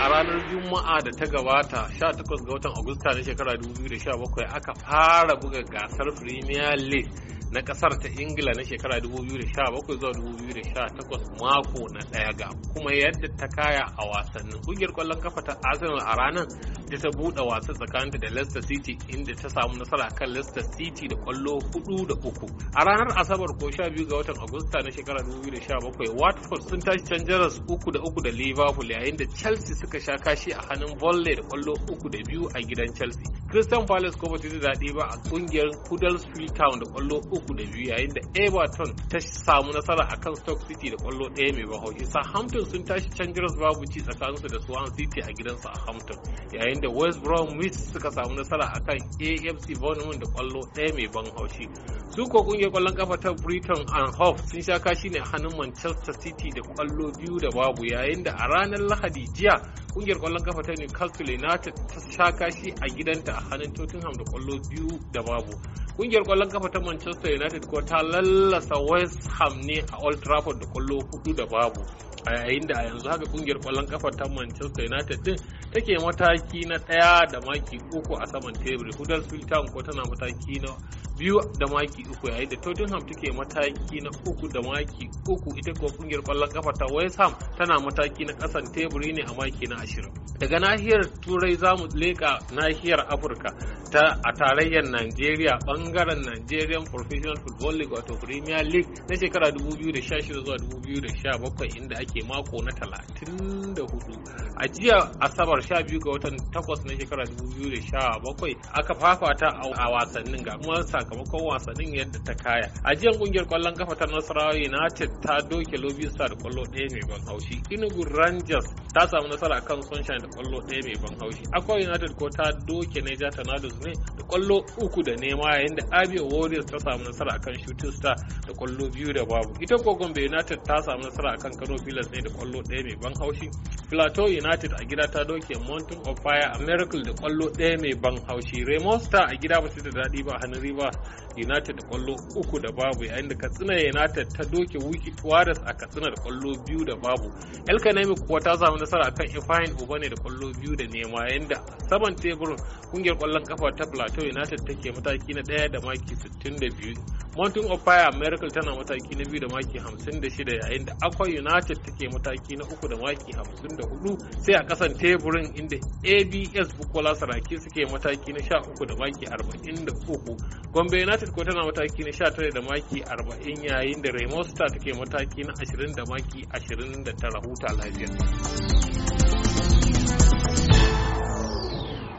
a ranar Juma'a da ta gabata 18 ga watan Agusta na shekara 2017 aka fara buga gasar Premier League na kasar ta ingila na shekara 2017 zuwa 2018 mako na daya ga kuma yadda ta kaya a wasannin kungiyar kwallon kafa ta arsenal a ranar da ta buɗe wasa tsakaninta da leicester city inda ta samu nasara kan leicester city da kwallo 4 da 3 a ranar asabar ko 12 ga watan agusta na shekara 2017 watford sun tashi can jaras 3 da 3 da liverpool yayin da chelsea suka sha kashi a hannun volley da kwallo 3 da 2 a gidan chelsea Crystal Palace ko bata yi daɗi ba a kungiyar Huddersfield Town da kwallo uku da biyu yayin da Everton ta samu nasara akan Stoke City da kwallo ɗaya mai baho. Isa Hampton sun tashi can babu ci tsakaninsu da Swan City a gidansu a Hampton yayin da West Bromwich suka samu nasara akan AFC Bournemouth da kwallo ɗaya mai ban haushi. su ko kungiyar kwallon kafa ta britain and hope sun sha kashi ne a hannun manchester city da kwallo biyu da babu yayin da a ranar lahadi jiya kungiyar kwallon kafa ta newcastle united ta sha kashi a gidanta a hannun tottenham da kwallo biyu da babu kungiyar kwallon kafa ta manchester united ko ta lallasa west ham ne a old trafford da kwallo hudu da babu a yayin da a yanzu haka kungiyar kwallon kafa ta manchester united din take mataki na daya da maki uku a saman tebur huddersfield town ko tana mataki na biyu da maki uku yayin da Tottenham take mataki na uku da maki uku ita kuwa kungiyar kwallon kafa ta West Ham tana mataki na kasan teburi ne a maki na ashirin. Daga nahiyar Turai za mu leƙa nahiyar Afirka ta a tarayyar Najeriya bangaren Nigerian Professional Football League wato Premier League na shekara 2016 zuwa 2017 inda ake mako na 34. A jiya Asabar 12 ga watan 8 na shekara 2017 aka fafata a wasannin ga kuma sakamakon wasannin yadda ta kaya a jiyan kungiyar kwallon kafa ta nasarawa united ta doke lobby star da kwallo ɗaya mai ban haushi inugu rangers ta samu nasara akan sunshine da kwallo ɗaya mai ban haushi akwai united ko ta doke niger tornadoes ne da kwallo uku da nema yayin da abia warriors ta samu nasara akan shooting star da kwallo biyu da babu ita ko gombe united ta samu nasara akan kano pilas ne da kwallo ɗaya mai ban haushi plateau united a gida ta doke mountain of fire a miracle da kwallo ɗaya mai ban haushi raymond star a gida ba su da daɗi ba hannun riba united da kwallo uku da babu yayin da katsina united ta doke wiki tuwares a katsina da kwallo biyu da babu elkanemi kuwa ta samu nasara akan ifeanyi ne da kwallo biyu da nema yayin da saman teburin kungiyar kwallon kafa ta plateau united take mataki na ɗaya da maki 62 mountain of fire miracle tana mataki na biyu da maki 56 yayin da aqua united take mataki na uku da maki 54 sai a kasan teburin inda abs bukola saraki suke mataki na 13 da maki 43 gombe united ko tana mataki na 19 da maki 40 yayin da raymond star take mataki na 20 da maki 29 huta lafiya